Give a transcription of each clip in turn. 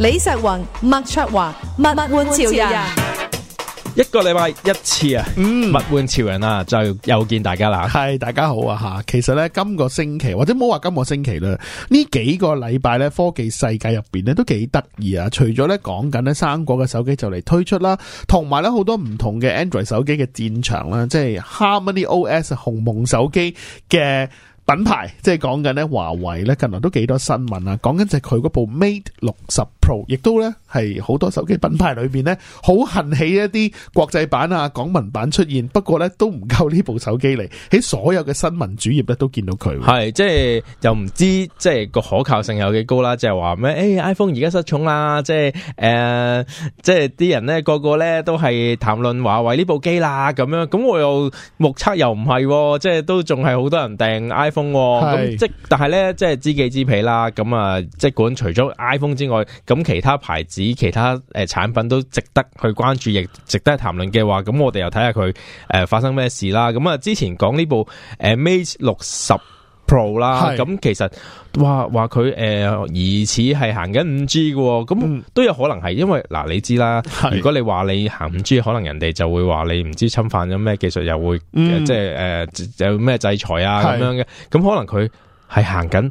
李石雲、麥卓華，物玩潮人，一個禮拜一次啊！物玩嗯，物玩潮人啊，就又見大家啦，係大家好啊吓。其實咧，今個星期或者冇話今個星期啦，呢幾個禮拜咧，科技世界入邊咧都幾得意啊。除咗咧講緊咧，生果嘅手機就嚟推出啦，同埋咧好多唔同嘅 Android 手機嘅戰場啦，即係 Harmony OS、鴻蒙手機嘅品牌，即係講緊咧華為咧近來都幾多新聞啊，講緊就係佢嗰部 Mate 六十。亦都咧係好多手機品牌裏邊咧，好恨起一啲國際版啊、港文版出現，不過咧都唔夠呢部手機嚟。喺所有嘅新聞主頁咧都見到佢，係即係又唔知即係個可靠性有幾高啦。即係話咩？誒，iPhone 而家失寵啦，即係誒，即係啲人咧個個咧都係談論華為呢部機啦，咁樣咁我又目測又唔係，即係都仲係好多人訂 iPhone，咁是即但係咧，即係知己知彼啦，咁啊即管除咗 iPhone 之外咁，其他牌子、其他誒、呃、產品都值得去關注，亦值得談論嘅話，咁我哋又睇下佢誒發生咩事啦。咁、嗯、啊，之前講呢部誒 Mate 六十 Pro 啦，咁是其實話話佢誒疑似係行緊五 G 嘅，咁都有可能係因為嗱、呃，你知啦。是如果你話你行五 G，可能人哋就會話你唔知侵犯咗咩技術，又會、嗯呃、即係誒、呃、有咩制裁啊咁是樣嘅。咁可能佢係行緊。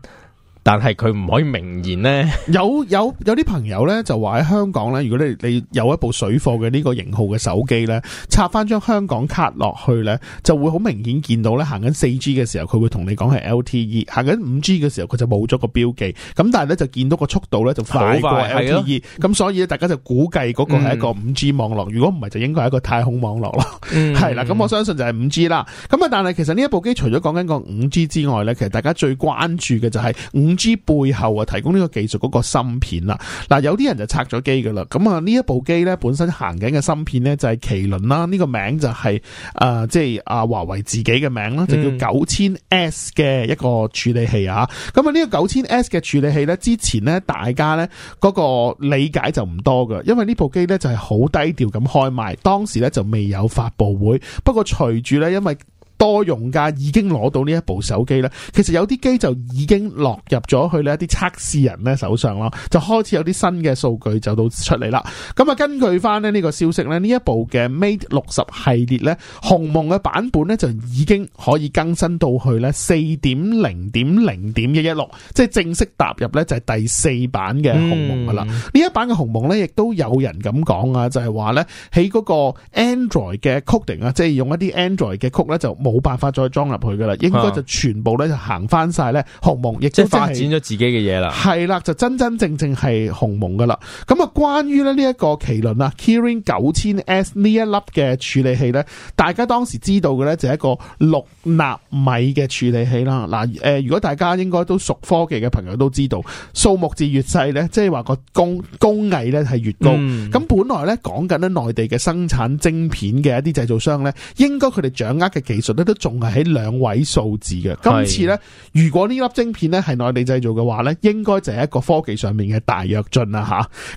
但係佢唔可以明言呢。有有有啲朋友呢，就話喺香港呢，如果你你有一部水貨嘅呢個型號嘅手機呢，插翻張香港卡落去呢，就會好明顯見到呢，行緊四 G 嘅時候佢會同你講係 LTE，行緊五 G 嘅時候佢就冇咗個標記。咁但係呢，就見到個速度呢，就快過 LTE。咁所以大家就估計嗰個係一個五 G 網絡，如果唔係就應該係一個太空網絡咯。係啦、嗯，咁我相信就係五 G 啦。咁啊，但係其實呢一部機除咗講緊個五 G 之外呢，其實大家最關注嘅就係五。G 背後啊，提供呢個技術嗰個芯片啦。嗱，有啲人就拆咗機噶啦。咁啊，呢一部機呢，本身行緊嘅芯片呢，就係麒麟啦。呢、呢個名就係、是、誒、呃，即係阿華為自己嘅名啦，就叫九千 S 嘅一個處理器啊。咁啊，嗯，呢個九千 S 嘅處理器呢，之前呢大家呢嗰個理解就唔多噶，因為呢部機呢就係好低調咁開賣，當時呢就未有發布會。不過隨住呢，因為多用家，已經攞到呢一部手機呢，其實有啲機就已經落入咗去呢一啲測試人呢手上啦，就開始有啲新嘅數據就到出嚟啦。咁啊，根據翻呢呢個消息呢，呢一部嘅 Mate 六十系列呢，鴻蒙嘅版本呢，就已經可以更新到去呢四點零點零點一一六，即係正式踏入呢就係第四版嘅鴻蒙噶啦。呢、嗯、一版嘅鴻蒙呢，亦都有人咁講啊，就係話呢，喺嗰個 Android 嘅 coding 啊，即係用一啲 Android 嘅曲呢。就。冇辦法再裝入去噶啦，應該就全部咧就行翻晒咧鴻蒙，亦都、就是、發展咗自己嘅嘢啦。係啦，就真真正正係鴻蒙噶啦。咁啊，關於咧呢一個麒麟啊，麒麟九千 S 呢一粒嘅處理器咧，大家當時知道嘅咧就係一個六納米嘅處理器啦。嗱，誒，如果大家應該都熟科技嘅朋友都知道，數目字越細咧，即係話個工工藝咧係越高。咁、嗯、本來咧講緊咧內地嘅生產晶片嘅一啲製造商咧，應該佢哋掌握嘅技術，都仲係喺兩位數字嘅，今次呢，的如果呢粒晶片呢係內地製造嘅話呢應該就係一個科技上面嘅大躍進啦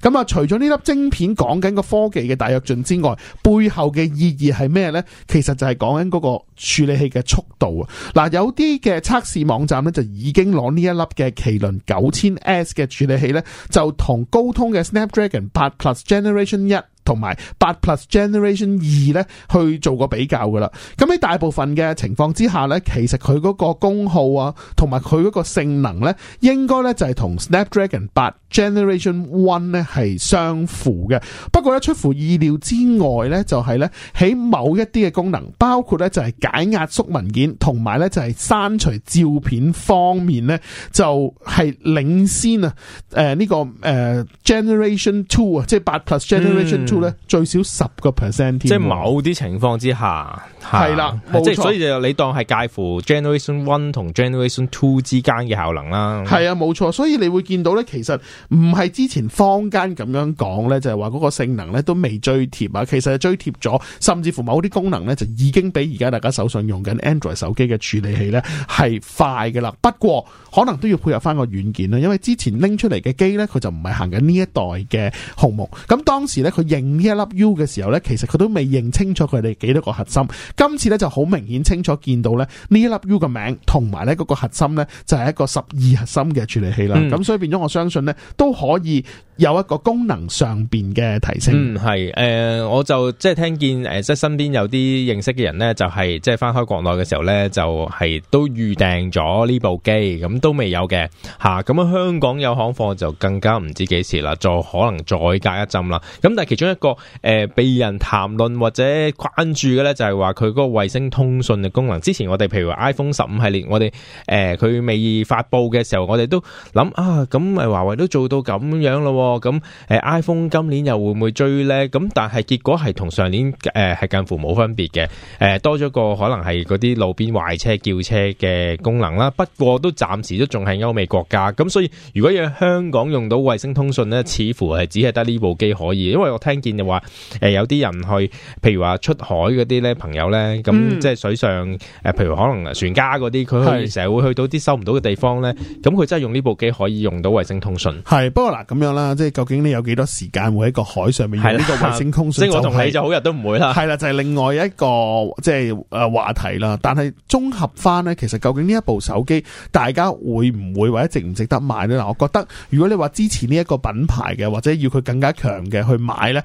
吓。咁啊，除咗呢粒晶片講緊個科技嘅大躍進之外，背後嘅意義係咩呢？其實就係講緊嗰個處理器嘅速度啊。嗱，有啲嘅測試網站呢，就已經攞呢一粒嘅麒麟九千 S 嘅處理器呢，就同高通嘅 Snapdragon 八 Plus Generation 一。同埋八 Plus Generation 二咧去做個比較噶啦，咁喺大部分嘅情況之下咧，其實佢嗰個功耗啊，同埋佢嗰個性能咧，應該咧就係同 Snapdragon 八 Generation One 咧係相符嘅，不過咧出乎意料之外咧，就係咧喺某一啲嘅功能，包括咧就係解壓縮文件，同埋咧就係刪除照片方面咧，就係、是、領先啊！誒、呃、呢、這個誒、呃、Generation Two 啊，即係八 Plus Generation Two 咧、嗯，最少十個 percent，即係某啲情況之下係啦，即係所以就你當係介乎 Generation One 同 Generation Two 之間嘅效能啦。係啊，冇錯，所以你會見到咧，其實。唔係之前坊間咁樣講呢，就係話嗰個性能呢都未追貼啊！其實係追貼咗，甚至乎某啲功能呢，就已經比而家大家手上用緊 Android 手機嘅處理器呢係快噶啦。不過可能都要配合翻個軟件啦，因為之前拎出嚟嘅機呢，佢就唔係行緊呢一代嘅鴻蒙。咁當時呢，佢認呢一粒 U 嘅時候呢，其實佢都未認清楚佢哋幾多個核心。今次呢，就好明顯清楚見到呢呢一粒 U 嘅名同埋呢個核心呢，就係一個十二核心嘅處理器啦。咁、嗯、所以變咗我相信呢。都可以有一個功能上邊嘅提升。嗯，係，誒、呃、我就即係聽見誒即係身邊有啲認識嘅人咧，就係、是、即係翻開國內嘅時候咧，就係、是、都預訂咗呢部機，咁都未有嘅，吓，咁啊，香港有行貨就更加唔知幾時啦，再可能再隔一陣啦。咁但係其中一個誒、呃、被人談論或者關注嘅咧，就係話佢個衛星通訊嘅功能。之前我哋譬如話 iPhone 十五系列，我哋誒佢未發佈嘅時候，我哋都諗啊，咁咪華為都做。做到咁樣咯，咁誒，iPhone 今年又會唔會追呢？咁但係結果係同上年誒係近乎冇分別嘅，誒多咗個可能係嗰啲路邊壞車叫車嘅功能啦。不過都暫時都仲係歐美國家，咁所以如果要喺香港用到衛星通訊呢，似乎係只係得呢部機可以。因為我聽見又話，誒有啲人去，譬如話出海嗰啲呢朋友呢，咁即係水上誒，譬如可能船家嗰啲，佢係成日會去到啲收唔到嘅地方呢，咁佢真係用呢部機可以用到衛星通訊。係，不過嗱咁樣啦，即係究竟你有幾多時間會喺個海上面的用呢個衛星空水、就是，即係我同你就好日都唔會啦。係啦，就係、是、另外一個即係誒話題啦。但係綜合翻呢，其實究竟呢一部手機，大家會唔會或者值唔值得買呢？嗱，我覺得如果你話支持呢一個品牌嘅，或者要佢更加強嘅去買呢，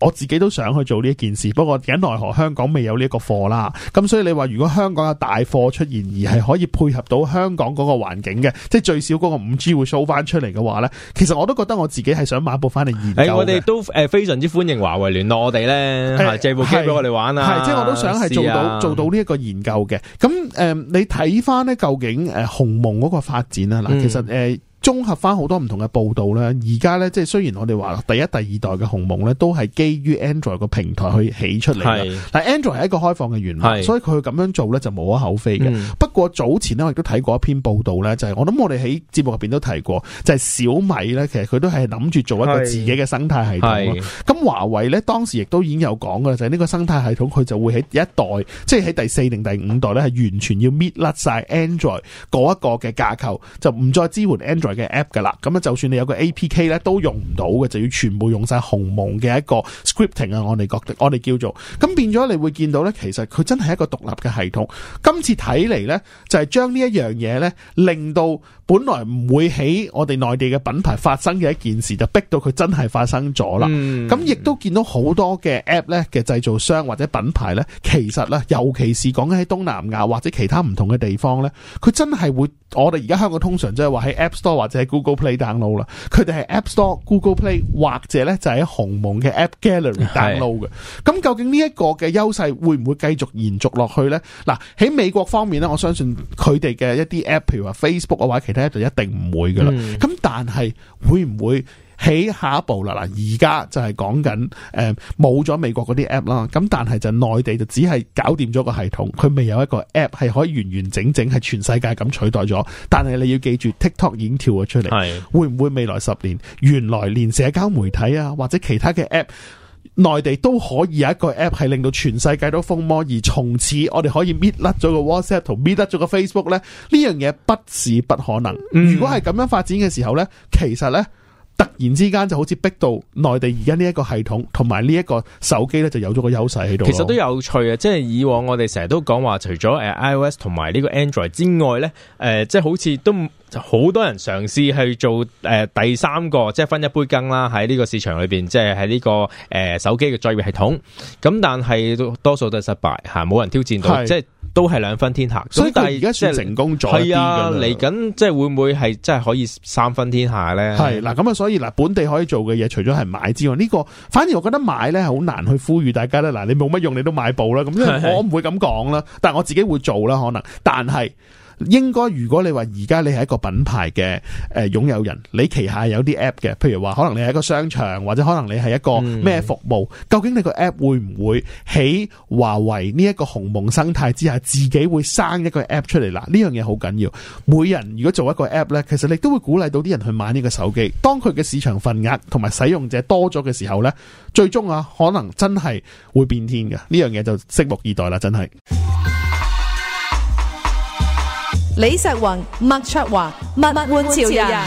我自己都想去做呢一件事。不過而家奈何香港未有呢一個貨啦。咁所以你話如果香港有大貨出現而係可以配合到香港嗰個環境嘅，即係最少嗰個五 G 會 show 翻出嚟嘅話呢。其實我都覺得我自己係想買部翻嚟研究、欸。我哋都誒非常之歡迎華為聯絡我哋咧，是借部機俾我哋玩啦、啊。係，即係我都想係做到試、啊、做到呢一個研究嘅。咁誒、呃，你睇翻咧究竟誒鴻蒙嗰個發展啊？嗱、嗯，其實誒。呃綜合翻好多唔同嘅報道咧，而家咧即係雖然我哋話第一、第二代嘅鴻蒙咧都係基於 Android 個平台去起出嚟啦。嗱，Android 係一個開放嘅源碼，所以佢咁樣做咧就無可厚非嘅。不過早前咧我亦都睇過一篇報道咧，就係我諗我哋喺節目入邊都提過，就係小米咧其實佢都係諗住做一個自己嘅生態系統咯。咁華為咧當時亦都已經有講噶，就係呢個生態系統佢就會喺一代，即係喺第四定第五代咧係完全要搣甩曬 Android 嗰一個嘅架構，就唔再支援 Android。嘅 app 噶啦，咁啊就算你有個 APK 咧，都用唔到嘅，就要全部用晒鴻蒙嘅一個 scripting 啊！我哋覺得我哋叫做咁變咗，你會見到咧，其實佢真係一個獨立嘅系統。今次睇嚟咧，就係將呢一樣嘢咧，令到。本來唔會喺我哋內地嘅品牌發生嘅一件事，就逼到佢真係發生咗啦。咁亦都見到好多嘅 app 咧嘅製造商或者品牌咧，其實咧，尤其是講緊喺東南亞或者其他唔同嘅地方咧，佢真係會我哋而家香港通常即係話喺 App Store 或者係 Google Play download 啦，佢哋係 App Store、Google Play 或者咧就係喺鴻蒙嘅 App Gallery download 嘅。咁究竟呢一個嘅優勢會唔會繼續延續落去咧？嗱，喺美國方面咧，我相信佢哋嘅一啲 app，譬如話 Facebook 嘅話，其睇咧就一定唔會嘅啦，咁但係會唔會喺下一步啦？嗱，而家就係講緊誒冇咗美國嗰啲 app 啦，咁但係就內地就只係搞掂咗個系統，佢未有一個 app 係可以完完整整係全世界咁取代咗。但係你要記住，TikTok 已經跳咗出嚟，係會唔會未來十年原來連社交媒體啊或者其他嘅 app？內地都可以有一個 app 係令到全世界都瘋魔，而從此我哋可以搣甩咗個 WhatsApp 同搣甩咗個 Facebook 呢，呢樣嘢不是不可能。嗯、如果係咁樣發展嘅時候呢，其實呢。突然之間就好似逼到內地而家呢一個系統同埋呢一個手機咧，就有咗個優勢喺度。其實都有趣啊！即係以往我哋成日都講話，除咗誒 iOS 同埋呢個 Android 之外咧，誒即係好似都好多人嘗試去做誒第三個，即係分一杯羹啦。喺呢個市場裏邊，即係喺呢個誒手機嘅作業系統。咁但係多數都係失敗吓，冇人挑戰到。即係。都係兩分天下，所以但係而家算成功咗啲嘅啦。嚟緊即係會唔會係真係可以三分天下咧？係嗱，咁啊，所以嗱，本地可以做嘅嘢，除咗係買之外，呢個反而我覺得買咧係好難去呼籲大家咧。嗱，你冇乜用，你都買部啦。咁我唔會咁講啦，但係我自己會做啦，可能。但係。應該如果你話而家你係一個品牌嘅，誒擁有人，你旗下有啲 app 嘅，譬如話可能你係一個商場，或者可能你係一個咩服務，究竟你個 app 會唔會喺華為呢一個鴻蒙生態之下，自己會生一個 app 出嚟嗱？呢樣嘢好緊要。每人如果做一個 app 呢，其實你都會鼓勵到啲人去買呢個手機。當佢嘅市場份額同埋使用者多咗嘅時候呢，最終啊，可能真係會變天嘅。呢樣嘢就拭目以待啦，真係。李石雲、麥卓華、麥煥潮人，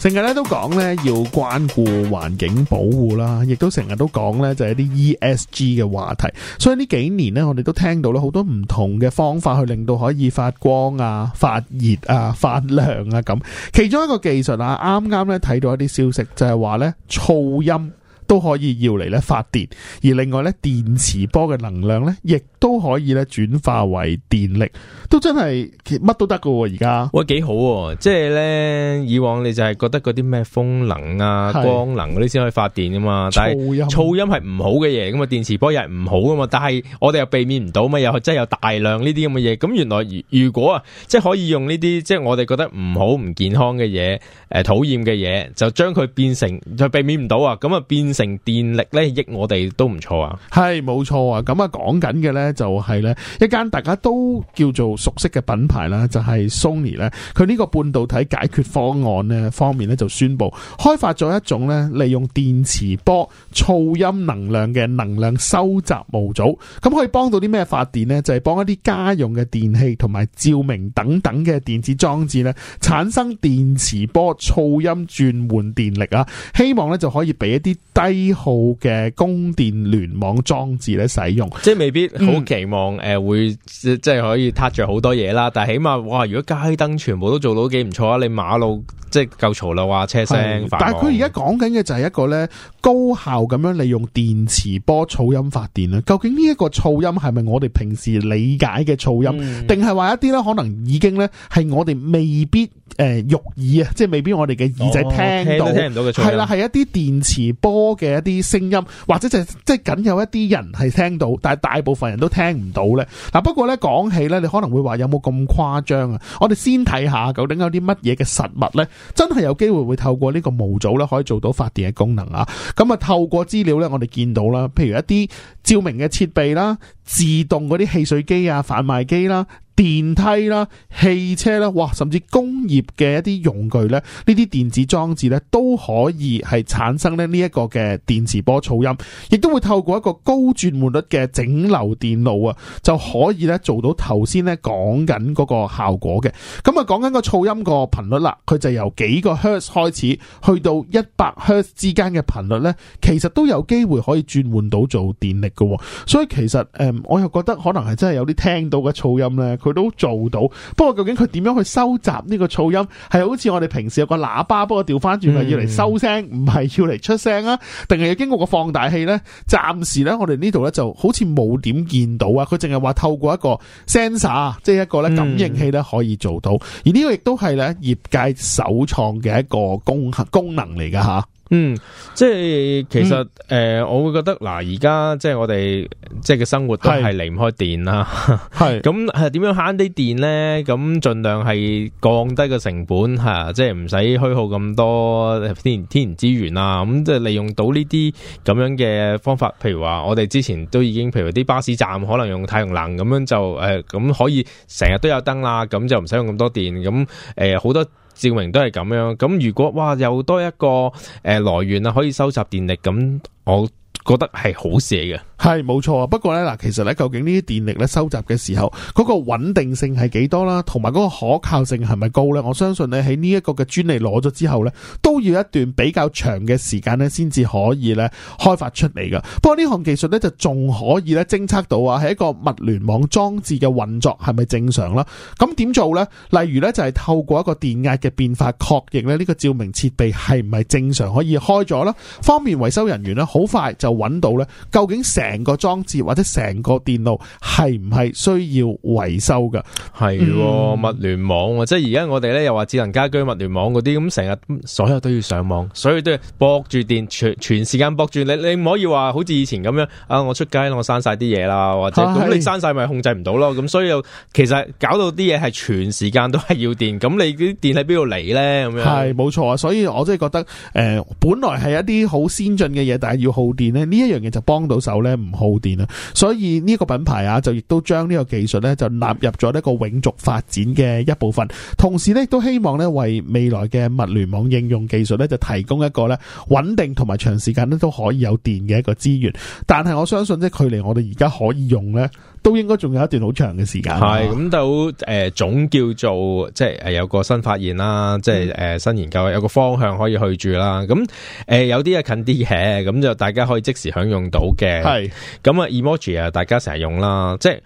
成日咧都講咧要關顧環境保護啦，亦都成日都講咧就係啲 E S G 嘅話題，所以呢幾年咧我哋都聽到咧好多唔同嘅方法去令到可以發光啊、發熱啊、發亮啊咁。其中一個技術啊，啱啱咧睇到一啲消息就係話咧嘈音。都可以要嚟咧發電，而另外咧電磁波嘅能量咧，亦都可以咧轉化為電力，都真係乜都得噶喎！而家喂幾好、啊，即係咧以往你就係覺得嗰啲咩風能啊、是光能嗰啲先可以發電噶嘛？但係噪音係唔好嘅嘢，咁啊電磁波又係唔好噶嘛？但係我哋又避免唔到嘛？又真係有大量呢啲咁嘅嘢，咁原來如果啊，即係可以用呢啲，即係我哋覺得唔好、唔健康嘅嘢，誒討厭嘅嘢，就將佢變成，就避免唔到啊！咁啊變成。成電力咧益我哋都唔錯啊，係冇錯啊。咁啊講緊嘅呢就係呢一間大家都叫做熟悉嘅品牌啦，就係、是、Sony 咧。佢呢個半導體解決方案呢方面呢，就宣布開發咗一種呢利用電磁波噪音能量嘅能量收集模組，咁可以幫到啲咩發電呢？就係、是、幫一啲家用嘅電器同埋照明等等嘅電子裝置呢，產生電磁波噪音轉換電力啊！希望呢就可以俾一啲低號嘅供電聯網裝置咧，使用，即係未必好期望誒、嗯呃，會即係可以撻着好多嘢啦。但係起碼，哇！如果街燈全部都做到幾唔錯啊，你馬路即係夠嘈啦，話車聲，但係佢而家講緊嘅就係一個咧，高效咁樣利用電磁波噪音發電啊，究竟呢一個噪音係咪我哋平時理解嘅噪音，定係話一啲咧可能已經咧，係我哋未必誒肉，呃，耳啊，即係未必我哋嘅耳仔聽到，哦，聽唔到嘅噪音，係啦，係一啲電磁波。嘅一啲聲音，或者就即係僅有一啲人係聽到，但係大部分人都聽唔到呢。嗱，不過呢，講起呢，你可能會話有冇咁誇張啊？我哋先睇下究竟有啲乜嘢嘅實物呢，真係有機會會透過呢個模組呢，可以做到發電嘅功能啊。咁啊，透過資料呢，我哋見到啦，譬如一啲照明嘅設備啦，自動嗰啲汽水機啊、販賣機啦。電梯啦、汽車啦，哇，甚至工業嘅一啲用具咧，呢啲電子裝置咧都可以係產生咧呢一個嘅電磁波噪音，亦都會透過一個高轉換率嘅整流電路啊，就可以咧做到頭先咧講緊嗰個效果嘅。咁啊，講緊個噪音個頻率啦，佢就由幾個 hertz 開始去到一百 hertz 之間嘅頻率咧，其實都有機會可以轉換到做電力喎。所以其實誒、嗯，我又覺得可能係真係有啲聽到嘅噪音咧。佢都做到，不過究竟佢點樣去收集呢個噪音，係好似我哋平時有個喇叭，幫我調翻轉，係要嚟收聲，唔係要嚟出聲啊？定係要經過個放大器呢？暫時呢，我哋呢度呢就好似冇點見到啊！佢淨係話透過一個 sensor，即係一個咧感應器呢，可以做到。而呢個亦都係呢業界首創嘅一個功功能嚟噶吓。嗯，即係其實誒、嗯呃，我會覺得嗱，而、呃、家即係我哋即係嘅生活都係離唔開電啦。係咁係點樣慳啲電咧？咁盡量係降低個成本吓、啊，即係唔使虛耗咁多天然天然資源啦。咁即係利用到呢啲咁樣嘅方法，譬如話我哋之前都已經，譬如啲巴士站可能用太陽能咁樣就誒，咁、呃、可以成日都有燈啦，咁就唔使用咁多電，咁誒好多。照明都係咁樣，咁如果哇又多一個誒、呃、來源啊，可以收集電力，咁我覺得係好事嘅。係冇錯啊，不過咧嗱，其實咧究竟呢啲電力咧收集嘅時候，嗰個穩定性係幾多啦，同埋嗰個可靠性係咪高呢？我相信你喺呢一個嘅專利攞咗之後呢，都要一段比較長嘅時間呢先至可以咧開發出嚟㗎。不過呢項技術呢，就仲可以咧偵測到啊，係一個物聯網裝置嘅運作係咪正常啦？咁點做呢？例如呢，就係透過一個電壓嘅變化確認咧呢個照明設備係唔係正常可以開咗啦，方便維修人員呢好快就揾到呢。究竟成。成個裝置或者成個電路係唔係需要維修噶？係的、嗯、物聯網，即係而家我哋咧又話智能家居、物聯網嗰啲，咁成日所有都要上網，所以都係駁住電，全全時間駁住你。你唔可以話好似以前咁樣啊！我出街啦，我閂晒啲嘢啦，或者咁、啊、你閂晒咪控制唔到咯。咁所以其實搞到啲嘢係全時間都係要電，咁你啲電喺邊度嚟呢？咁樣係冇錯啊！所以我真係覺得誒、呃，本來係一啲好先進嘅嘢，但係要耗電呢。呢一樣嘢就幫到手呢。唔耗電呀，所以呢個品牌啊就亦都將呢個技術呢，就納入咗呢個永續發展嘅一部分，同時呢都希望呢，為未來嘅物聯網應用技術呢，就提供一個呢穩定同埋長時間都可以有電嘅一個資源，但係我相信即係距離我哋而家可以用呢。都應該仲有一段好長嘅時間。係咁都誒，總叫做即係誒，有個新發現啦，嗯、即係誒、呃、新研究，有個方向可以去住啦。咁誒、呃，有啲啊近啲嘅，咁就大家可以即時享用到嘅。係咁啊，emoji 啊，emo 大家成日用啦。即係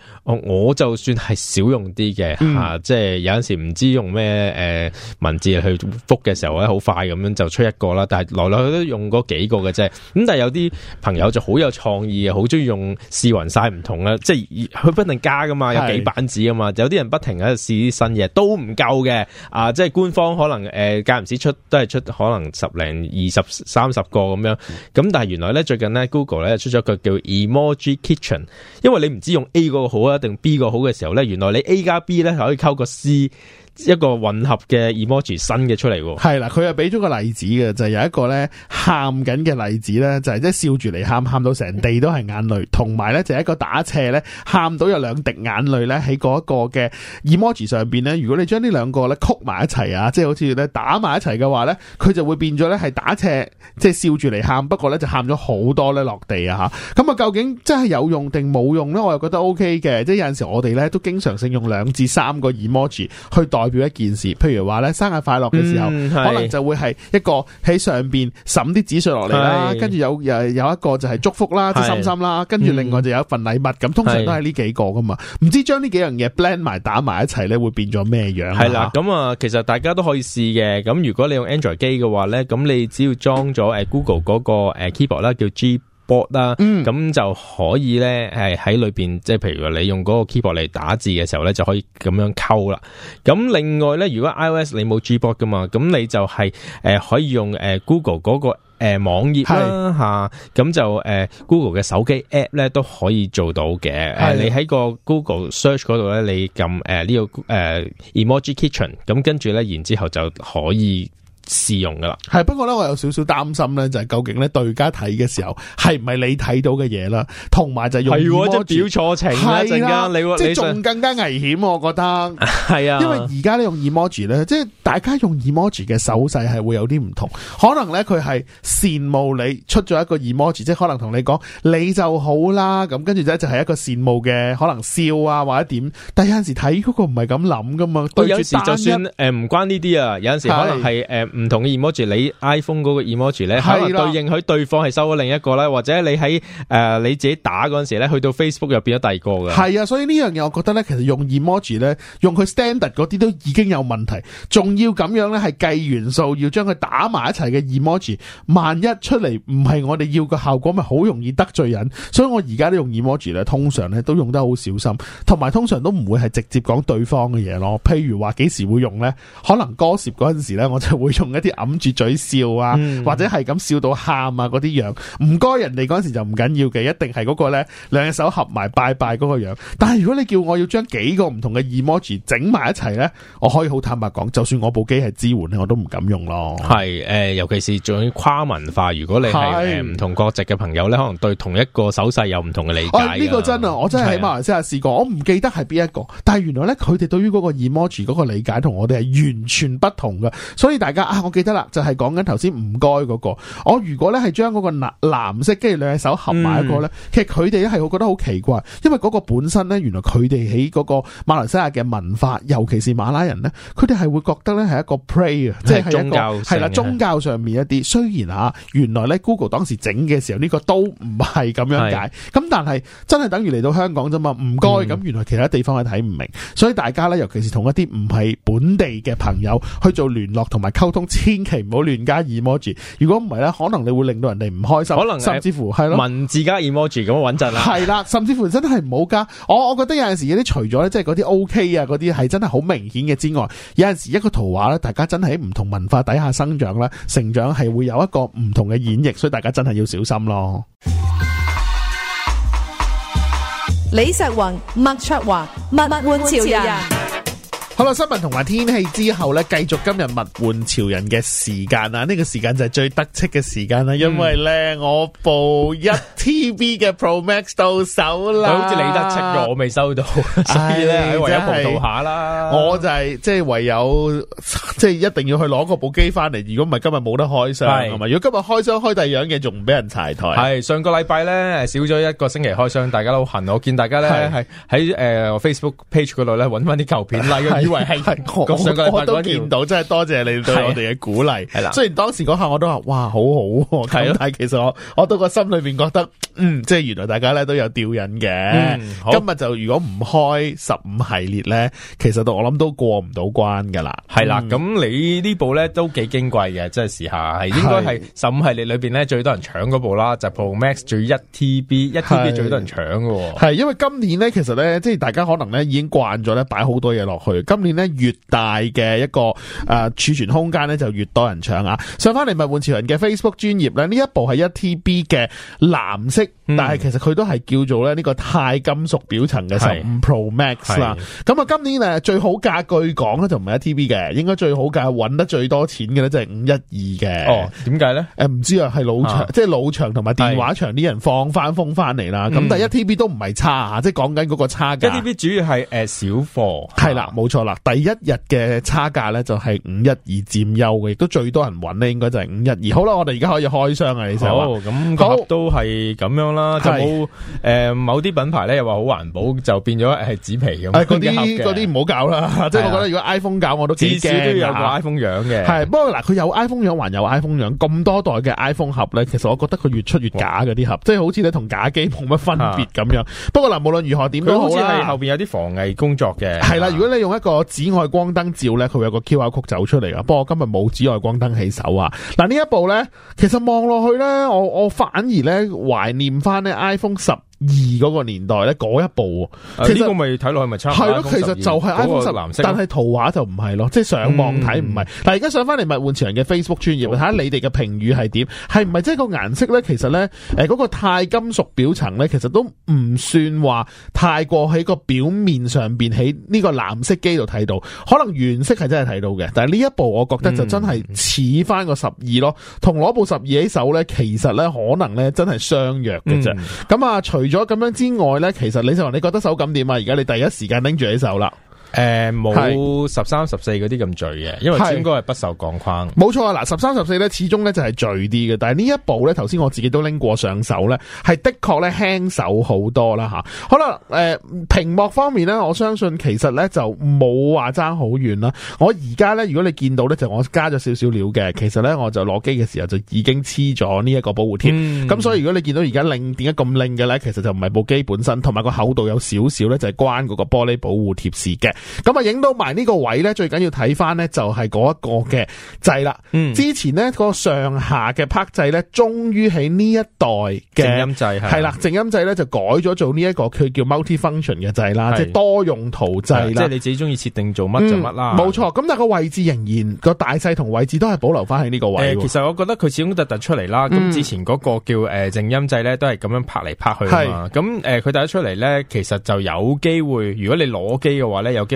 我就算係少用啲嘅吓，即係有陣時唔知用咩誒、呃、文字去覆嘅時候咧，好快咁樣就出一個啦。但係來來去去都用嗰幾個嘅啫。咁但係有啲朋友就好有創意，好中意用試勻晒唔同啦，即係。佢不停加噶嘛，有幾版子噶嘛，是有啲人不停喺度試啲新嘢，都唔夠嘅。啊、呃，即係官方可能誒間唔時出都係出可能十零二十三十個咁樣。咁、嗯、但係原來咧最近咧 Google 咧出咗個叫 Emoji Kitchen，因為你唔知用 A 嗰個好啊定 B 個好嘅時候咧，原來你 A 加 B 咧可以溝個 C。一個混合嘅 emoji 新嘅出嚟，係啦，佢又俾咗個例子嘅，就係有一個咧喊緊嘅例子咧，就係即係笑住嚟喊，喊到成地都係眼淚，同埋咧就係一個打斜咧，喊到有兩滴眼淚咧喺嗰一個嘅 emoji 上邊咧。如果你將呢兩個咧曲埋一齊啊，即係好似咧打埋一齊嘅話咧，佢就會變咗咧係打斜，即係笑住嚟喊。不過咧就喊咗好多咧落地啊吓。咁啊，究竟真係有用定冇用咧？我又覺得 OK 嘅，即係有陣時我哋咧都經常性用兩至三個 emoji 去代。代表一件事，譬如話咧生日快樂嘅時候，嗯、可能就會係一個喺上邊審啲紙碎落嚟啦，跟住是有誒有一個就係祝福啦，啲是心心啦，跟住、嗯、另外就有一份禮物咁，通常都係呢幾個噶嘛。唔是知將呢幾樣嘢 blend 埋打埋一齊咧，會變咗咩樣？係啦的，咁啊，其實大家都可以試嘅。咁如果你用 Android 機嘅話咧，咁你只要裝咗誒 Google 嗰個誒 Keyboard 啦，叫 G。B board 啦，咁、啊嗯、就可以咧，喺裏邊，即係譬如話你用嗰個 keyboard 嚟打字嘅時候咧，就可以咁樣溝啦。咁另外咧，如果 iOS 你冇 Gboard 噶嘛，咁你就係、是、誒、呃、可以用誒 Google 嗰個誒網頁啦吓，咁就誒 Google 嘅手機 app 咧都可以做到嘅的。你喺、呃這個 Google search 嗰度咧，你撳誒呢個誒 Emoji Kitchen，咁跟住咧，然之後就可以。試用噶啦，係不過咧，我有少少擔心咧，就係、是、究竟咧對家睇嘅時候是是，係唔係你睇到嘅嘢啦？同埋就用 emoji 表錯情，係啦，你即係仲更加危險，的我覺得係啊，因為而家咧用 emoji 咧，是的 即係大家用 emoji 嘅手勢係會有啲唔同，可能咧佢係羨慕你出咗一個 emoji，即係可能同你講你就好啦，咁跟住咧就係一個羨慕嘅，可能笑啊或者點，但係有陣時睇嗰個唔係咁諗噶嘛，對住單一誒唔、呃、關呢啲啊，有陣時可能係誒。的唔同嘅 emoji，你 iPhone 嗰個 emoji 咧，可能對應佢對方係收咗另一個咧，的或者你喺誒、呃、你自己打嗰陣時咧，去到 Facebook 入邊變咗第二個嘅。係啊，所以呢樣嘢我覺得咧，其實用 emoji 咧，用佢 standard 嗰啲都已經有問題，仲要咁樣咧係計元素，要將佢打埋一齊嘅 emoji，萬一出嚟唔係我哋要嘅效果，咪好容易得罪人。所以我而家都用 emoji 咧，通常咧都用得好小心，同埋通常都唔會係直接講對方嘅嘢咯。譬如話幾時會用咧，可能 gossip 嗰陣時咧，我就會用。用一啲揞住嘴笑啊，嗯、或者係咁笑到喊啊嗰啲樣，唔該人哋嗰陣時就唔緊要嘅，一定係嗰個咧，兩隻手合埋拜拜嗰個樣。但係如果你叫我要將幾個唔同嘅 emoji 整埋一齊咧，我可以好坦白講，就算我部機係支援，我都唔敢用咯。係誒、呃，尤其是仲要跨文化，如果你係誒唔同國籍嘅朋友咧，的可能對同一個手勢有唔同嘅理解。啊，呢、哎這個真啊，我真係喺馬來西亞試過，的我唔記得係邊一個，但係原來咧佢哋對於嗰個 emoji 嗰個理解同我哋係完全不同嘅，所以大家。我記得啦，就係講緊頭先唔該嗰我如果咧係將嗰藍藍色跟住兩隻手合埋一個咧，嗯、其實佢哋咧係我覺得好奇怪，因為嗰本身咧原來佢哋喺嗰個馬來西亞嘅文化，尤其是馬拉人咧，佢哋係會覺得咧係一個 pray 啊，即係一個係啦宗教上面一啲。雖然啊原來咧 Google 當時整嘅時候呢、這個都唔係咁樣解，咁是但係真係等於嚟到香港啫嘛。唔該咁，嗯、原來其他地方係睇唔明，所以大家咧尤其是同一啲唔係本地嘅朋友去做聯絡同埋溝通。千祈唔好亂加 emoji，如果唔係咧，可能你會令到人哋唔開心，可能甚至乎係咯文字加 emoji 咁穩陣啦。係啦，甚至乎真係唔好加。我 我覺得有陣時有啲除咗咧，即係嗰啲 O K 啊，嗰啲係真係好明顯嘅之外，有陣時一個圖畫咧，大家真係喺唔同文化底下生長啦，成長係會有一個唔同嘅演繹，所以大家真係要小心咯。李石云，麥卓華，麥麥換潮人。好啦，新聞同埋天氣之後咧，繼續今日物玩潮人嘅時間啊！呢個時間就係最得戚嘅時間啦，因為咧我部 1TB 嘅 Pro Max 到手啦， 好似你得戚我未收到，所以唯有輔到下啦。我就係即係唯有即係、即係、一定要去攞個部機翻嚟，如果唔係今日冇得開箱係嘛是，如果今日開箱開第二樣嘢，仲唔俾人柴台？係上個禮拜咧少咗一個星期開箱，大家好恨。我，見大家咧係喺誒是、呃、Facebook Page 嗰度咧揾翻啲舊片嚟。是以為係，我都見到，真係多謝你對我哋嘅鼓勵。係啦、啊，啊、雖然當時嗰刻我都話，哇，好好、啊，喎、啊，但係其實我，我都個心裏邊覺得，嗯，即係原來大家咧都有吊癮嘅。嗯、今日就如果唔開十五系列咧，其實我諗都過唔到關噶啦。係啦、啊，咁、嗯、你部呢部咧都幾矜貴嘅，真係試下係應該係十五系列裏邊咧最多人搶嗰部啦，啊、就 Pro Max 最一 TB 一 TB 最多人搶喎、哦。係、啊、因為今年咧，其實咧即係大家可能咧已經慣咗咧擺好多嘢落去。今年咧，越大嘅一個誒儲、呃、存空間咧就越多人搶啊！上翻嚟物玩潮人嘅 Facebook 專頁咧，呢一部係一 TB 嘅藍色，嗯、但係其實佢都係叫做咧呢個鈦金屬表層嘅十五 Pro Max 啦。咁啊，今年誒最好價據講咧就唔係一 TB 嘅，應該最好價揾得最多錢嘅咧就係五一二嘅。哦，點解咧？誒、呃，唔知啊，係老場，即係老場同埋、啊、電話場啲人放翻風翻嚟啦。咁、嗯、但係一 TB 都唔係差，即係講緊嗰個差價。一 TB 主要係誒少貨，係、呃啊、啦，冇錯。嗱，第一日嘅差價咧就係五一二佔優嘅，亦都最多人揾咧，應該就係五一二。好啦，我哋而家可以開箱啊，你生。好，咁都係咁樣啦，就冇誒，某啲品牌咧又話好環保，就變咗係紙皮咁。嗰啲嗰啲唔好搞啦，即係我覺得如果 iPhone 搞我都自己都要有個 iPhone 樣嘅。係，不過嗱，佢有 iPhone 樣，還有 iPhone 樣咁多代嘅 iPhone 盒咧。其實我覺得佢越出越假嗰啲盒，即係好似你同假機冇乜分別咁樣。不過嗱，無論如何點都好似你後邊有啲防偽工作嘅。係啦，如果你用一個。我紫外光燈照咧，佢會有個 QR code 走出嚟噶。不過我今日冇紫外光燈起手啊。嗱，呢一部咧，其實望落去咧，我我反而咧懷念翻咧 iPhone 十二嗰個年代咧，嗰一部呢實、啊，這個咪睇落係咪差唔多？係咯，其實就係 iPhone 十藍色，但係圖畫就唔係咯，即係上網睇唔係。嗯、但係而家上翻嚟咪換潮人嘅 Facebook 專頁，睇下、嗯、你哋嘅評語係點，係唔係即係個顏色咧？其實咧，誒、那、嗰個鈦金屬表層咧，其實都唔算話太過喺個表面上邊，喺呢個藍色機度睇到，可能原色係真係睇到嘅。但係呢一部我覺得就真係似翻個十二咯，同攞、嗯、部十二起手咧，其實咧可能咧真係相若嘅啫。咁啊、嗯，除除咗咁樣之外咧，其實你就話你覺得手感點啊？而家你第一時間拎住你手啦。誒，冇十三十四嗰啲咁墜嘅，那那是因為應該係不鏽鋼框是。冇錯啊，嗱，十三十四咧，始終咧就係墜啲嘅。但係呢一部咧，頭先我自己都拎過上手咧，係的確咧輕手好多啦吓、啊。好啦，誒、呃，屏幕方面咧，我相信其實咧就冇話差好遠啦。我而家咧，如果你見到咧，就我加咗少少料嘅，其實咧，我就攞機嘅時候就已經黐咗呢一個保護貼，咁、嗯、所以如果你見到而家靚點解咁靚嘅咧，其實就唔係部機本身，同埋個厚度有少少咧，就係關嗰個玻璃保護貼事嘅。咁啊，影到埋呢個位咧，最緊要睇翻咧就係嗰一個嘅掣啦。嗯，之前呢個上下嘅拍掣咧，終於喺呢一代嘅靜音掣係啦，靜音掣咧就改咗做呢一個佢叫 multi-function 嘅掣啦，係。即係多用途掣啦。即係你自己中意設定做乜就乜啦。冇錯、嗯，咁但個位置仍然個大細同位置都係保留翻喺呢個位。呃，其實我覺得佢始終都凸凸出嚟啦。咁、嗯、之前嗰個叫誒靜音掣咧都係咁樣拍嚟拍去啊嘛。咁誒佢凸咗出嚟咧，其實就有機會，如果你攞機嘅話咧，有機。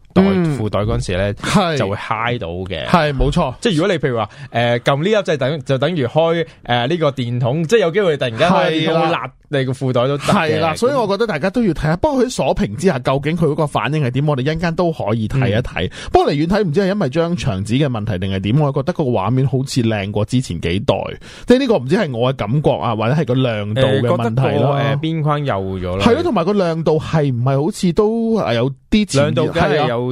嗯、副袋褲袋嗰陣時咧，是就會嗨到嘅。係冇錯，錯即係如果你譬如話，誒撳呢一掣等，就等於開誒呢、呃這個電筒，即係有機會突然間會拉你個褲袋都得嘅。係啦、啊，所以我覺得大家都要睇下。不過佢鎖屏之下，究竟佢嗰個反應係點？我哋一陣間都可以睇一睇、嗯。不過離遠睇，唔知係因為張牆紙嘅問題定係點？我覺得個畫面好似靚過之前幾代。即係呢個唔知係我嘅感覺啊，或者係個亮度嘅問題咯。誒、欸，邊框幼咗啦。係咯、啊，同埋個亮度係唔係好似都係有啲亮度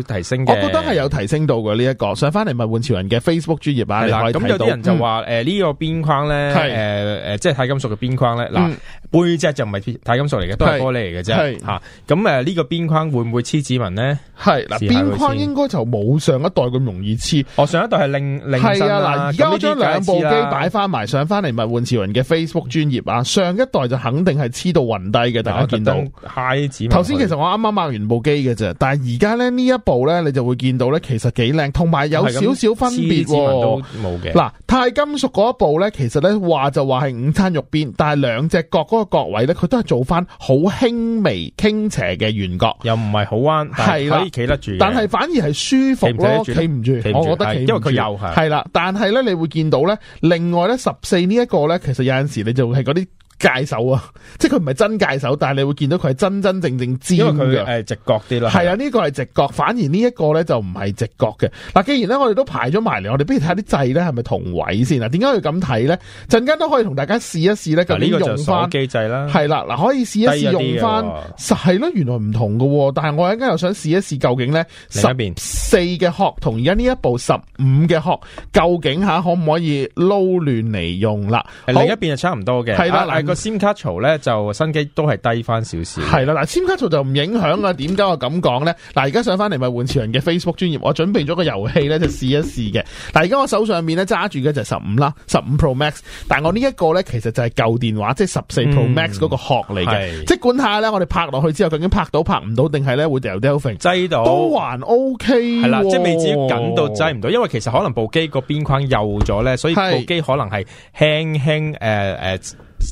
提升，我覺得係有提升到嘅呢一個。上翻嚟物玩潮人嘅 Facebook 專頁啊，咁有啲人就話：誒呢個邊框咧，誒誒，即係鈦金屬嘅邊框咧。嗱，背脊就唔係鈦金屬嚟嘅，都係玻璃嚟嘅啫。吓，咁誒呢個邊框會唔會黐指紋咧？係嗱，邊框應該就冇上一代咁容易黐。我上一代係另令係啊，嗱，而家將兩部機擺翻埋上翻嚟物玩潮人嘅 Facebook 專頁啊，上一代就肯定係黐到暈低嘅。大家見到揩指紋。頭先其實我啱啱抹完部機嘅啫，但係而家咧呢一一部咧你就會見到咧，其實幾靚，同埋有少少分別。冇嘅。嗱，鈦金屬嗰一部咧，其實咧話就話係午餐肉邊，但係兩隻角嗰個角位咧，佢都係做翻好輕微傾斜嘅圓角，又唔係好彎，係啦可以，企得住。但係反而係舒服咯，企唔住。企唔住，因為佢又係。係啦，但係咧你會見到咧，另外咧十四呢一個咧，其實有陣時你就會係嗰啲。介手啊，即係佢唔係真介手，但係你會見到佢係真真正正知佢嘅，係、呃、直角啲啦。係啊的，呢、這個係直角，反而呢一個咧就唔係直角嘅。嗱，既然咧我哋都排咗埋嚟，我哋不如睇下啲掣，咧係咪同位先啦。點解要咁睇咧？陣間都可以同大家試一試咧，究竟用翻機制啦。係啦，嗱，可以試一試用翻，係咯、哦，原來唔同嘅。但係我一陣間又想試一試究竟咧，十四嘅殼同而家呢一部十五嘅殼，究竟吓可唔可以撈亂嚟用啦？另一邊係差唔多嘅，係啦個 sim 卡槽咧就新機都係低翻少少，係啦、啊。嗱，sim 卡槽就唔影響啊。點解我咁講咧？嗱，而家上翻嚟咪換潮人嘅 Facebook 專頁，我準備咗個遊戲咧就試一試嘅。嗱，而家我手上面咧揸住嘅就係十五啦，十五 Pro Max 但。但係我呢一個咧其實就係舊電話，即係十四 Pro Max 嗰個殼嚟嘅。嗯、即管下呢，我哋拍落去之後究竟拍到拍唔到，定係咧會掉掉 n 到都還 OK 係、啊、啦、啊，即係未至於緊到擠唔到，因為其實可能部機個邊框幼咗咧，所以部機可能係輕輕誒誒。呃呃呃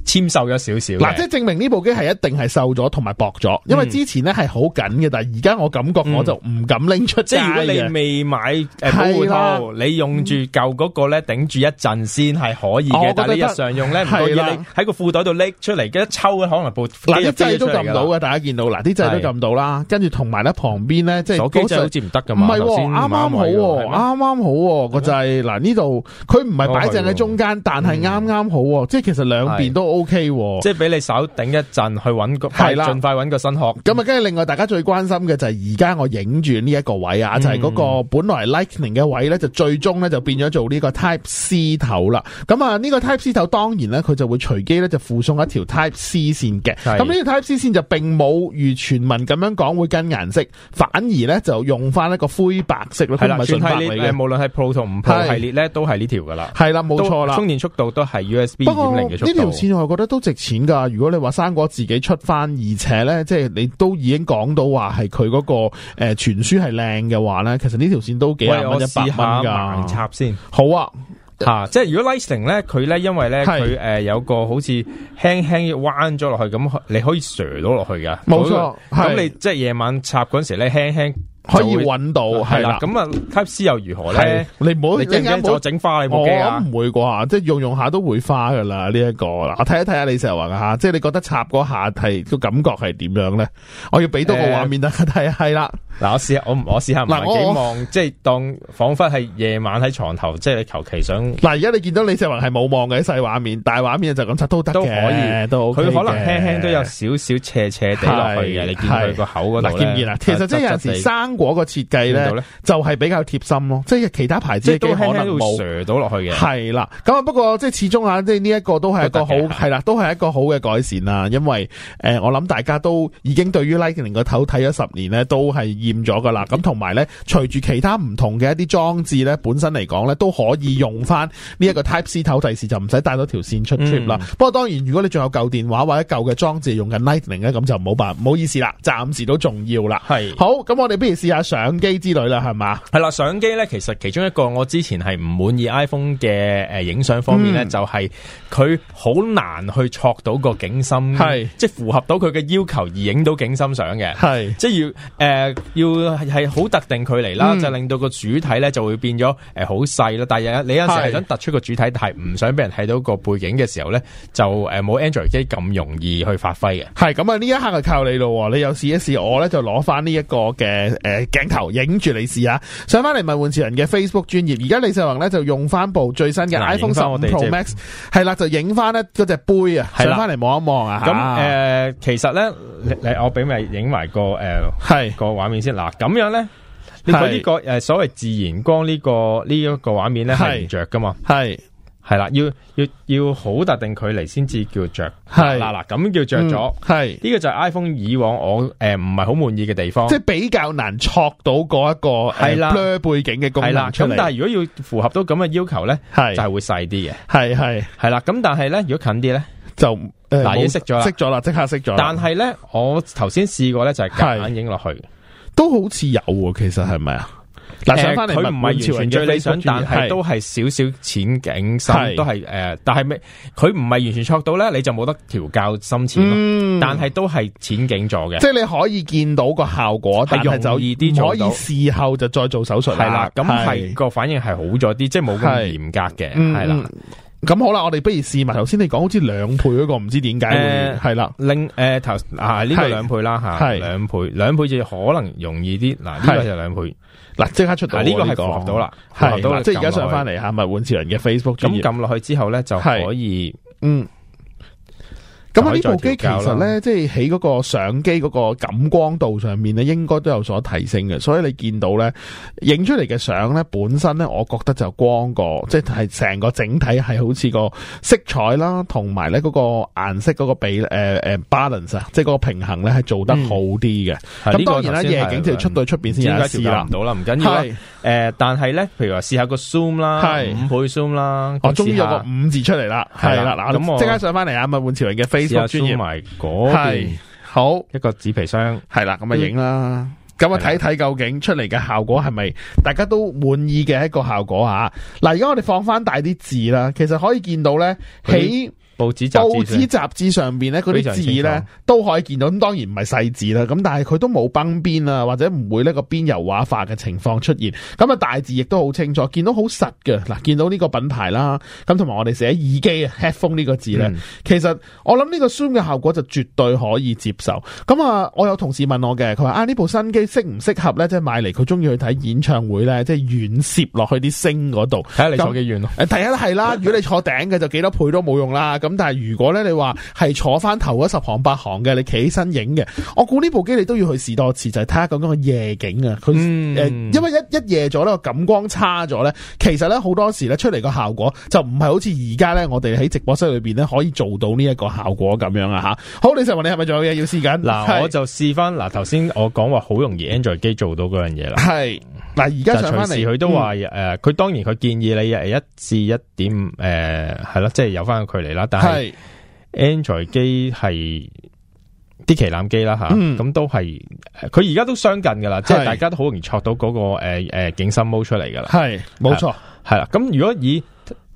纖瘦咗少少，嗱，即係證明呢部機係一定係瘦咗同埋薄咗，因為之前咧係好緊嘅，但係而家我感覺我就唔敢拎出街嘅。即係如果你未買誒保護套，你用住舊嗰個咧頂住一陣先係可以嘅。但係日常用咧唔到。如果你喺個褲袋度拎出嚟，一抽嘅可能部一掣都撳到嘅。大家見到嗱啲掣都撳到啦，跟住同埋咧旁邊咧即係手機好似唔得噶嘛。唔係，啱啱好，啱啱好個掣。嗱呢度佢唔係擺正喺中間，但係啱啱好，即係其實兩邊。都 OK，啊、即係俾你稍頂一陣去揾個，係啦的，盡快揾個新殼。咁啊、嗯，跟住另外大家最關心嘅就係而家我影住呢一個位啊，嗯、就係嗰個本來 Lightning 嘅位咧，就最終咧就變咗做呢個 Type C 頭啦。咁啊，呢個 Type C 頭當然咧佢就會隨機咧就附送一條 Type C 線嘅。咁呢條 Type C 線就並冇如傳聞咁樣講會跟顏色，反而咧就用翻一個灰白色咯。係啦的，全系列無論係 Pro 同唔 Pro 系列咧都係呢條噶啦。係啦，冇錯啦。充電速度都係 USB <的 >2.0 嘅速度。我覺得都值錢噶。如果你話生果自己出翻，而且咧，即係你都已經講到、那個呃、話係佢嗰個誒，傳輸係靚嘅話咧，其實呢條線都幾有一百噶。試試插先好啊，吓、啊！啊、即係如果 Lightning 咧，佢咧因為咧佢誒有個好似輕輕彎咗落去，咁你可以斜到落去噶。冇錯，咁你即係夜晚插嗰陣時咧，輕輕。可以揾到係啦，咁啊，Type C 又如何咧？你唔好，你點整花你部機啊？我唔會啩，即係用用下都會花噶啦呢一個。嗱，我睇一睇下李石云吓，即係你覺得插嗰下係個感覺係點樣咧？我要俾多個畫面大家睇下。係啦，嗱我試下，我我試下唔係幾望，即係當仿佛係夜晚喺床頭，即係你求其想。嗱，而家你見到李石云係冇望嘅細畫面，大畫面就咁插都得，都可以，佢可能輕輕都有少少斜斜地落去嘅，你見佢個口嗰度咧？見唔見啊？其實即係有時生。果個設計咧就係比較貼心咯，即係其他牌子都可能冇。蛇到落去嘅係啦，咁啊不過即係始終啊，即係呢一個都係一個好係啦，都係一個好嘅改善啦。因為誒、呃，我諗大家都已經對於 Lightning 個頭睇咗十年咧，都係厭咗噶啦。咁同埋咧，隨住其他唔同嘅一啲裝置咧，本身嚟講咧都可以用翻呢一個 Type C 頭，第時就唔使帶多條線出 trip 啦。不過、嗯、當然，如果你仲有舊電話或者舊嘅裝置用緊 Lightning 咧，咁就唔好辦，唔好意思啦，暫時都重要啦。係是好，咁我哋不如。啊！相機之類啦，係嘛？係啦，相機咧，其實其中一個我之前係唔滿意 iPhone 嘅誒影、呃、相方面咧，嗯、就係佢好難去戳到個景深，係是 即係符合到佢嘅要求而影到景深相嘅，係是 即係要誒、呃、要係好特定距離啦，嗯、就令到個主體咧就會變咗誒好細啦。但係你有陣時係想突出個主體，但係唔想俾人睇到個背景嘅時候咧，就誒冇 Android 機咁容易去發揮嘅。係咁啊，呢一刻係靠你咯，你又試一試我咧，就攞翻呢一個嘅誒。呃鏡頭影住你試下，上翻嚟問主持人嘅 Facebook 專頁，而家李世宏咧就用翻部最新嘅 iPhone 15 Pro Max，係啦就影翻咧嗰隻杯看看的啊，上翻嚟望一望啊。咁、呃、誒，其實咧，我你我俾咪影埋個誒，係、呃、的個畫面先。嗱、啊，咁樣咧，呢、這個呢的、這個誒，所謂自然光呢、這個呢一、這個畫面咧係唔着噶嘛？係。係啦，要要要好特定距離先至叫着，係嗱嗱咁叫着咗，係呢、嗯、個就係 iPhone 以往我誒唔係好滿意嘅地方，即係比較難撮到嗰、那、一個係啦的、呃、背景嘅功能出嚟。咁但係如果要符合到咁嘅要求咧，係是就係會細啲嘅，係係係啦。咁但係咧，如果近啲咧，就嗱已經熄咗啦，熄咗啦，即刻熄咗。但係咧，我頭先試過咧就係夾硬影落去，都好似有，其實係咪啊？是但嚟，佢唔係完全最理想，但係都係少少淺景深，都係誒。但係未，佢唔係完全錯到咧，你就冇得調校深淺。但係都係淺景咗嘅，即係你可以見到個效果，但用就易啲做到。可以事後就再做手術係啦，咁係個反應係好咗啲，即係冇咁嚴格嘅，係啦。咁好啦，我哋不如試埋。頭先你講好似兩倍嗰個，唔知點解係啦。另誒，頭啊呢個兩倍啦吓，係兩倍，兩倍就可能容易啲。嗱呢個就兩倍。嗱即刻出嗱呢個係學到啦，係即係而家上翻嚟吓咪婉持人嘅 Facebook。咁撳落去之後咧就可以嗯。咁啊，呢部機其實咧，即係喺嗰個相機嗰個感光度上面咧，應該都有所提升嘅。所以你見到咧，影出嚟嘅相咧，本身咧，我覺得就光過，即係係成個整體係好似個色彩啦，同埋咧嗰個顏色嗰個比誒誒、呃、balance，即係個平衡咧係做得好啲嘅。咁、嗯、當然啦，夜景要出到出邊先有得試唔到啦，唔緊要是。誒、啊，但係咧，譬如話試下個 zoom 啦是，五倍 zoom 啦，我終於有個五字出嚟啦，係啦嗱，咁即刻上翻嚟啊，麥換潮人嘅 face 一專業埋係好一個紙皮箱係啦，咁啊影啦，咁啊睇睇究竟出嚟嘅效果係咪大家都滿意嘅一個效果吓？嗱，而家我哋放翻大啲字啦，其實可以見到咧起。報紙、報紙、雜誌上邊咧，嗰啲字咧都可以見到，咁當然唔係細字啦，咁但係佢都冇崩邊啊，或者唔會呢個邊油畫化嘅情況出現，咁啊大字亦都好清楚，見到好實嘅，嗱見到呢個品牌啦，咁同埋我哋寫耳機啊 headphone 呢個字咧，其實我諗呢個 zoom 嘅效果就絕對可以接受，咁啊我有同事問我嘅，佢話啊呢部新機適唔適合咧，即係買嚟佢中意去睇演唱會咧，即係遠攝落去啲星嗰度，睇下你坐幾遠咯，誒，第一係啦，如果你坐頂嘅就幾多倍都冇用啦。咁但係如果咧，你話係坐翻頭嗰十行八行嘅，你企起身影嘅，我估呢部機你都要去試多次就係睇下嗰個夜景啊。佢誒、嗯、呃，因為一一夜咗呢個感光差咗咧，其實咧好多時咧出嚟個效果就唔係好似而家咧，我哋喺直播室裏邊咧可以做到呢一個效果咁樣啊吓。好，李成問你係咪仲有嘢要試緊？嗱，我就試翻嗱，頭先我講話好容易 Android 機做到嗰樣嘢啦。係。但而家上翻嚟佢都話，誒、嗯，佢、呃、當然佢建議你一至一點，誒、呃，係啦，即係有翻個距離啦。但係 Android 機係啲旗艦機啦，吓，咁都係，佢而家都相近噶啦，是的即係大家都好容易捉到嗰、那個誒誒、呃呃、景深 mode 出嚟噶啦。係，冇錯，係啦。咁如果以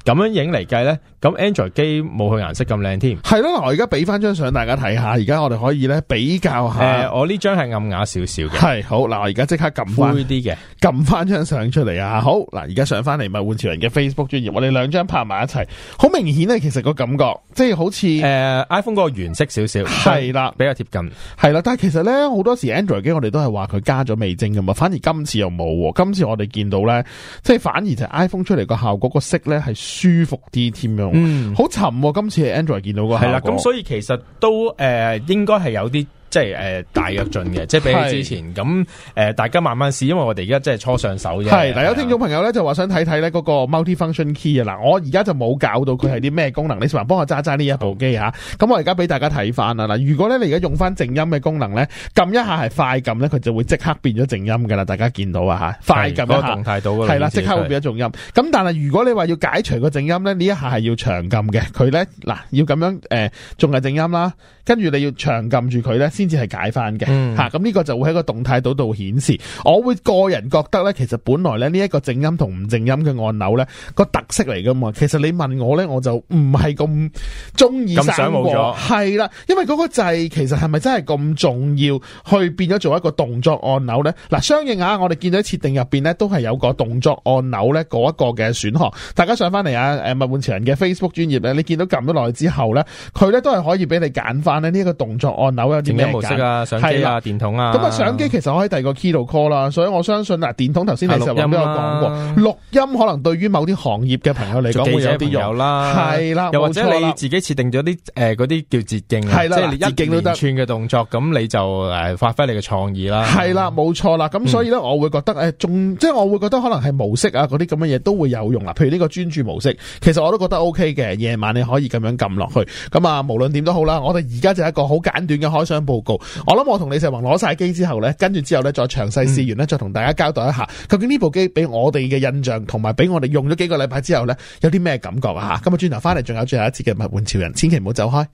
咁樣影嚟計咧。咁 Android 機冇佢顏色咁靚添，係咯。我而家俾翻張相大家睇下，而家我哋可以咧比較下。誒，我呢張係暗啞少少嘅。係好，嗱我而家即刻撳翻灰啲嘅，撳翻張相出嚟啊！好，嗱而家上翻嚟咪換潮人嘅 Facebook 專頁，我哋兩張拍埋一齊，好明顯咧。其實個感覺即係、就是、好似誒、呃、iPhone 個原色少少，係啦的，比較貼近，係啦。但係其實咧好多時 Android 機我哋都係話佢加咗味精噶嘛，反而今次又冇。今次我哋見到咧，即係反而就係 iPhone 出嚟個效果、個色咧係舒服啲添。嗯、啊，好沉喎，今次係 Android 見到㗎係啦，咁所以其實都誒、呃、應該係有啲。即係誒、呃、大躍進嘅，即係比起之前咁誒是、呃，大家慢慢試，因為我哋而家即係初上手嘅。係嗱，有聽眾朋友咧就話想睇睇咧嗰個 multi-function key 啊嗱，我而家就冇搞到佢係啲咩功能，你試下幫我揸揸呢一部機嚇。咁、啊啊嗯、我而家俾大家睇翻啦嗱，如果咧你而家用翻靜音嘅功能咧，撳一下係快撳咧，佢就會即刻變咗靜音㗎啦。大家見到啊嚇，是快撳嘅動態到㗎啦，係啦，即刻會變咗靜音。咁的但係如果你話要解除個靜音咧，呢一下係要長撳嘅，佢咧嗱要咁樣誒，仲係靜音啦，跟住、呃、你要長撳住佢咧。先至係解翻嘅。吓，咁呢個就會喺一個動態度度顯示。我會個人覺得呢，其實本來咧呢一個靜音同唔靜音嘅按鈕呢個特色嚟噶嘛。其實你問我呢，我就唔係咁中意。咁想冇咗係啦，因為嗰個掣其實係咪真係咁重要去變咗做一個動作按鈕呢？嗱，相應啊，我哋見到設定入邊呢都係有個動作按鈕呢嗰一個嘅選項。大家上翻嚟啊，誒物玩潮人嘅 Facebook 專業呢，你見到撳咗落去之後呢，佢呢都係可以俾你揀翻咧呢一個動作按鈕有啲咩？模式啊，相機啊，電筒啊，咁啊，相機其實可以第二個 key 去 call 啦，所以我相信嗱，電筒頭先你有講過，錄音可能對於某啲行業嘅朋友嚟講會有啲用啦，係啦，又或者你自己設定咗啲誒嗰啲叫捷徑，係啦，即係一連串嘅動作，咁你就誒發揮你嘅創意啦，係啦，冇錯啦，咁所以咧我會覺得誒，仲即係我會覺得可能係模式啊嗰啲咁嘅嘢都會有用啦，譬如呢個專注模式，其實我都覺得 O K 嘅，夜晚你可以咁樣撳落去，咁啊無論點都好啦，我哋而家就係一個好簡短嘅開箱部。我諗我同李石宏攞晒機之後咧，跟住之後咧，再詳細試完咧，再同大家交代一下、嗯、究竟呢部機俾我哋嘅印象，同埋俾我哋用咗幾個禮拜之後咧，有啲咩感覺啊吓？嗯、咁我轉頭翻嚟，仲有最後一節嘅《物玩潮人》，千祈唔好走開。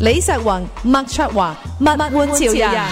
李石宏、麥卓華、物玩潮人。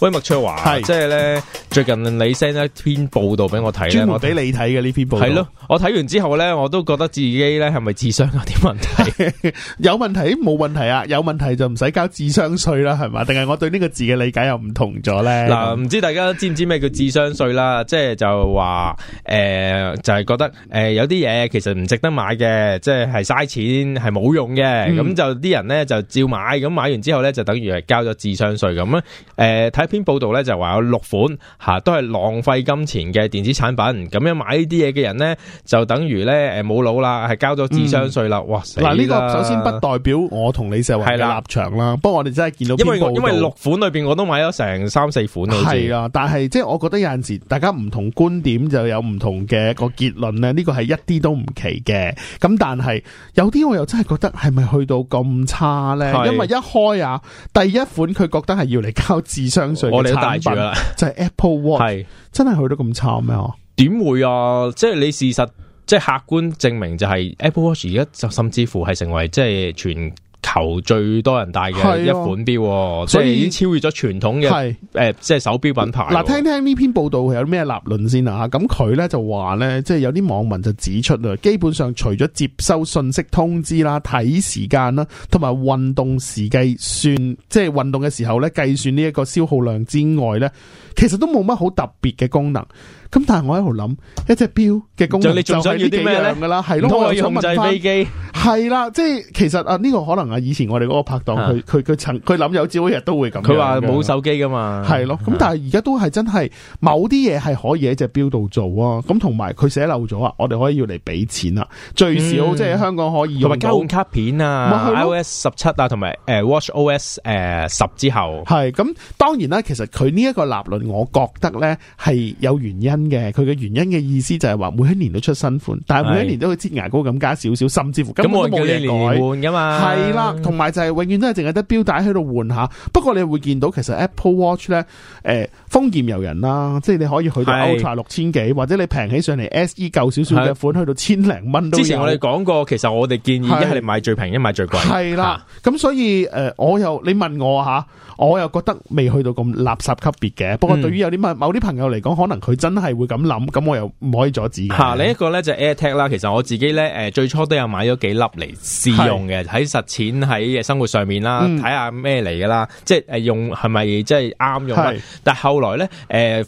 喂，麥卓華，係是即係咧。最近你 send 一篇報道俾我睇，我俾你睇嘅呢篇報道係咯，我睇完之後咧，我都覺得自己咧係咪智商有啲問題？ 有問題？冇問題啊？有問題就唔使交智商稅啦，係嘛？定係我對呢個字嘅理解又唔同咗咧？嗱、嗯，唔知大家知唔知咩叫智商稅啦？即係 就話誒、呃，就係、是、覺得誒、呃，有啲嘢其實唔值得買嘅，即係係嘥錢係冇用嘅，咁、嗯、就啲人咧就照買，咁買完之後咧就等於係交咗智商稅咁啊？誒、呃，睇篇報道咧就話有六款。吓，都係浪費金錢嘅電子產品，咁樣買呢啲嘢嘅人咧，就等於咧誒冇腦啦，係交咗智商稅啦。哇！嗱，呢個首先不代表我同李石偉嘅立場啦。不過我哋真係見到，因為因為六款裏邊我都買咗成三四款。係啊，但係即係我覺得有陣時大家唔同觀點就有唔同嘅個結論咧。呢個係一啲都唔奇嘅。咁但係有啲我又真係覺得係咪去到咁差咧？因為一開啊，第一款佢覺得係要嚟交智商稅嘅產品，就係 Apple。係 Apple 是真係去到咁慘咩？點會啊？即係你事實，即係客觀證明，就係 Apple Watch 而家就甚至乎係成為即係全求最多人戴嘅一款表，啊、所以已經超越咗傳統嘅誒是、呃，即係手表品牌。嗱，聽聽呢篇報道有咩立論先啊？咁佢咧就話咧，即、就、係、是、有啲網民就指出啦，基本上除咗接收信息通知啦、睇時間啦，同埋運動時計算，即係運動嘅時候咧計算呢一個消耗量之外咧，其實都冇乜好特別嘅功能。咁但係我喺度諗一隻表嘅功能就，就你仲需要啲咩啦？係咯，可以控制飛機。係啦，即係其實啊，呢個可能啊，以前我哋嗰個拍檔，佢佢佢曾佢諗有朝一日都會咁。佢話冇手機㗎嘛，係咯。咁但係而家都係真係某啲嘢係可以喺隻表度做啊。咁同埋佢寫漏咗啊，我哋可以要嚟俾錢啦。最少即係香港可以用到。同埋交換卡片啊，iOS 十七啊，同埋誒 Watch OS 誒十之後。係咁，當然啦，其實佢呢一個立論，我覺得咧係有原因嘅。佢嘅原因嘅意思就係話每一年都出新款，但係每一年都擠牙膏咁加少少，甚至乎冇嘢改嘅嘛。係啦，同埋就係永遠都係淨係得錶帶喺度換下。不過你會見到，其實 Apple Watch 咧，誒、呃，豐儉由人啦，即係你可以去到 Ultra 六千幾，或者你平起上嚟 SE 舊少少嘅款是去到千零蚊。之前我哋講過，其實我哋建議係你買最平，一是買最貴。係啦，咁、啊、所以誒，我、呃、又你問我吓，我又覺得未去到咁垃圾級別嘅。不過對於有啲、嗯、某啲朋友嚟講，可能佢真係會咁諗，咁我又唔可以阻止。吓、啊，另一個咧就是、AirTag 啦，其實我自己咧，誒、呃，最初都有買咗幾粒。入嚟試用嘅，喺實踐喺嘅生活上面啦，睇下咩嚟噶啦，即係誒用係咪即係啱用？但係後來咧，誒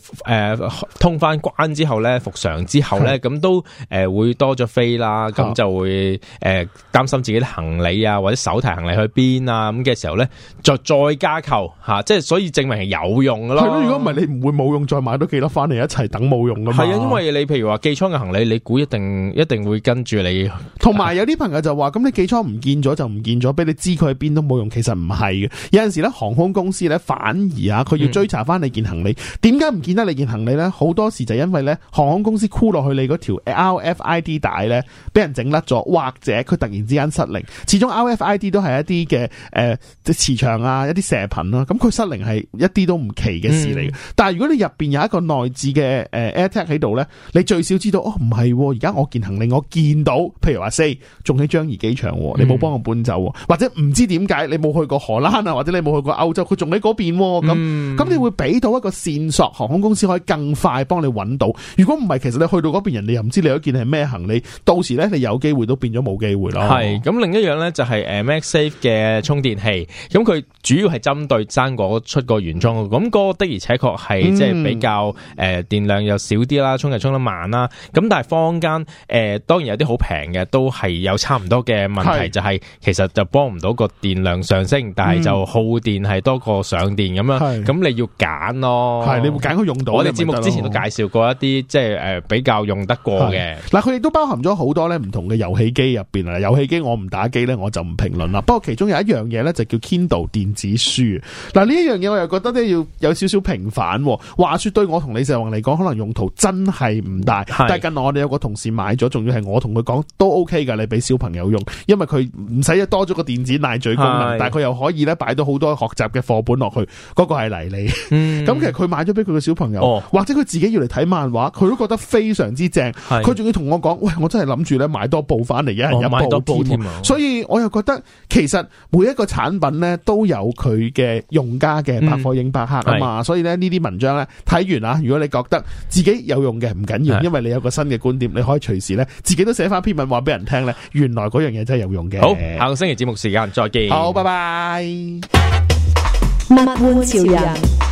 誒通翻關之後咧，復常之後咧，咁都誒會多咗飛啦，咁就會誒擔心自己啲行李啊，或者手提行李去邊啊咁嘅時候咧，就再加購吓，即係所以證明係有用噶咯。係咯，如果唔係你唔會冇用，再買多幾粒翻嚟一齊等冇用噶嘛。係啊，因爲你譬如話寄倉嘅行李，你估一定一定會跟住你。同埋有啲朋友就。就話咁，你起初唔見咗就唔見咗，俾你知佢喺邊都冇用。其實唔係嘅，有陣時咧航空公司咧反而啊，佢要追查翻你件行李。點解唔見得你件行李咧？好多時就因為咧航空公司箍落去你嗰條 R F I D 帶咧，俾人整甩咗，或者佢突然之間失靈。始終 R F I D 都係一啲嘅誒即磁場啊，一啲射頻呀、啊。咁佢失靈係一啲都唔奇嘅事嚟嘅。但係如果你入邊有一個內置嘅誒、呃、Air Tag 喺度咧，你最少知道哦，唔係。而家我件行李我見到，譬如話四仲樟宜機場，你冇幫我搬走，嗯、或者唔知點解你冇去過荷蘭啊，或者你冇去過歐洲，佢仲喺嗰邊咁，咁、嗯、你會俾到一個線索，航空公司可以更快幫你揾到。如果唔係，其實你去到嗰邊，人哋又唔知你嗰件係咩行李，到時咧你有機會都變咗冇機會咯。係咁，另一樣咧就係、是、誒 MagSafe 嘅充電器，咁佢主要係針對生果出嗰個原裝，咁嗰的而且確係即係比較誒、嗯呃、電量又少啲啦，充又充得慢啦。咁但係坊間誒、呃、當然有啲好平嘅，都係有差。唔多嘅問題就係，其實就幫唔到個電量上升，但係就耗電係多過上電咁樣，咁你要揀咯。係你會揀佢用到。我哋節目之前都介紹過一啲，即係誒比較用得過嘅。嗱，佢哋都包含咗好多咧唔同嘅遊戲機入邊啊。遊戲機我唔打機咧，我就唔評論啦。不過其中有一樣嘢咧，就叫 Kindle 電子書。嗱呢一樣嘢我又覺得都要有少少平反。話說對我同李世宏嚟講，可能用途真係唔大。但係近來我哋有個同事買咗，仲要係我同佢講都 OK 噶，你俾小朋友。有用，因為佢唔使多咗個電子奶嘴功能，是但係佢又可以咧擺到好多學習嘅課本落去。嗰、那個係嚟你，咁、嗯、 其實佢買咗俾佢個小朋友，哦、或者佢自己要嚟睇漫畫，佢都覺得非常之正。佢仲是要同我講，喂，我真係諗住咧買多部翻嚟，一人一部添。部所以我又覺得，其實每一個產品咧都有佢嘅用家嘅拍貨影百客啊嘛。嗯、是所以咧呢啲文章咧睇完啊，如果你覺得自己有用嘅，唔緊要，因為你有個新嘅觀點，你可以隨時咧自己都寫翻篇文話俾人聽咧。原來嗰樣嘢真係有用嘅。好，下個星期節目時間再見。好，拜拜。物玩潮人。